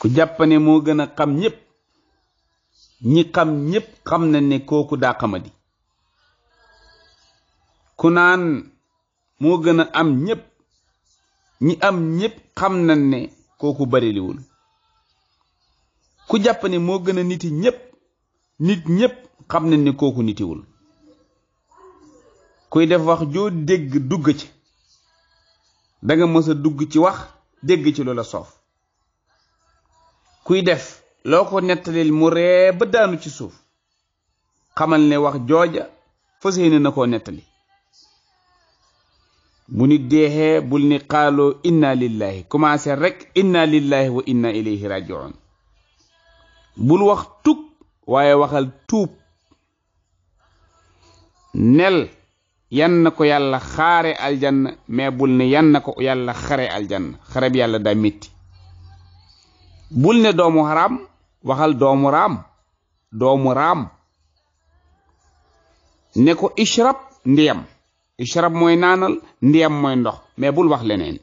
ku jàpp moo gën a xam ñépp ñi xam ñépp xam na ne kooku daa xamadi ku naan moo gën a am ñépp ñi am ñépp xam na ne kooku bariliwul ku jàpp ne moo gën a niti ñépp nit ñépp xam na ne kooku nitiwul kuy def wax joo dégg dugg ci danga mës a dugg ci wax dégg ci loola soof kuy def loo ko nettalil mu ree ba daanu ci suuf xamal ne wax jooja fas yéene na koo nettali bu nit deexee bul ni xaaloo inna lillahi commencé rekk inna lillahi wa inna ilayhi rajiun bul wax tug waaye waxal tuub nel yan na ko yàlla xaare aljanna mais bul ne yan na ko yàlla xare aljanna xare yàlla daa métti bul ne doomu xaraam waxal doomu raam doomu raam ne ko ishrab ndiyam ishrab mooy naanal ndiyam mooy ndox mais bul wax leneen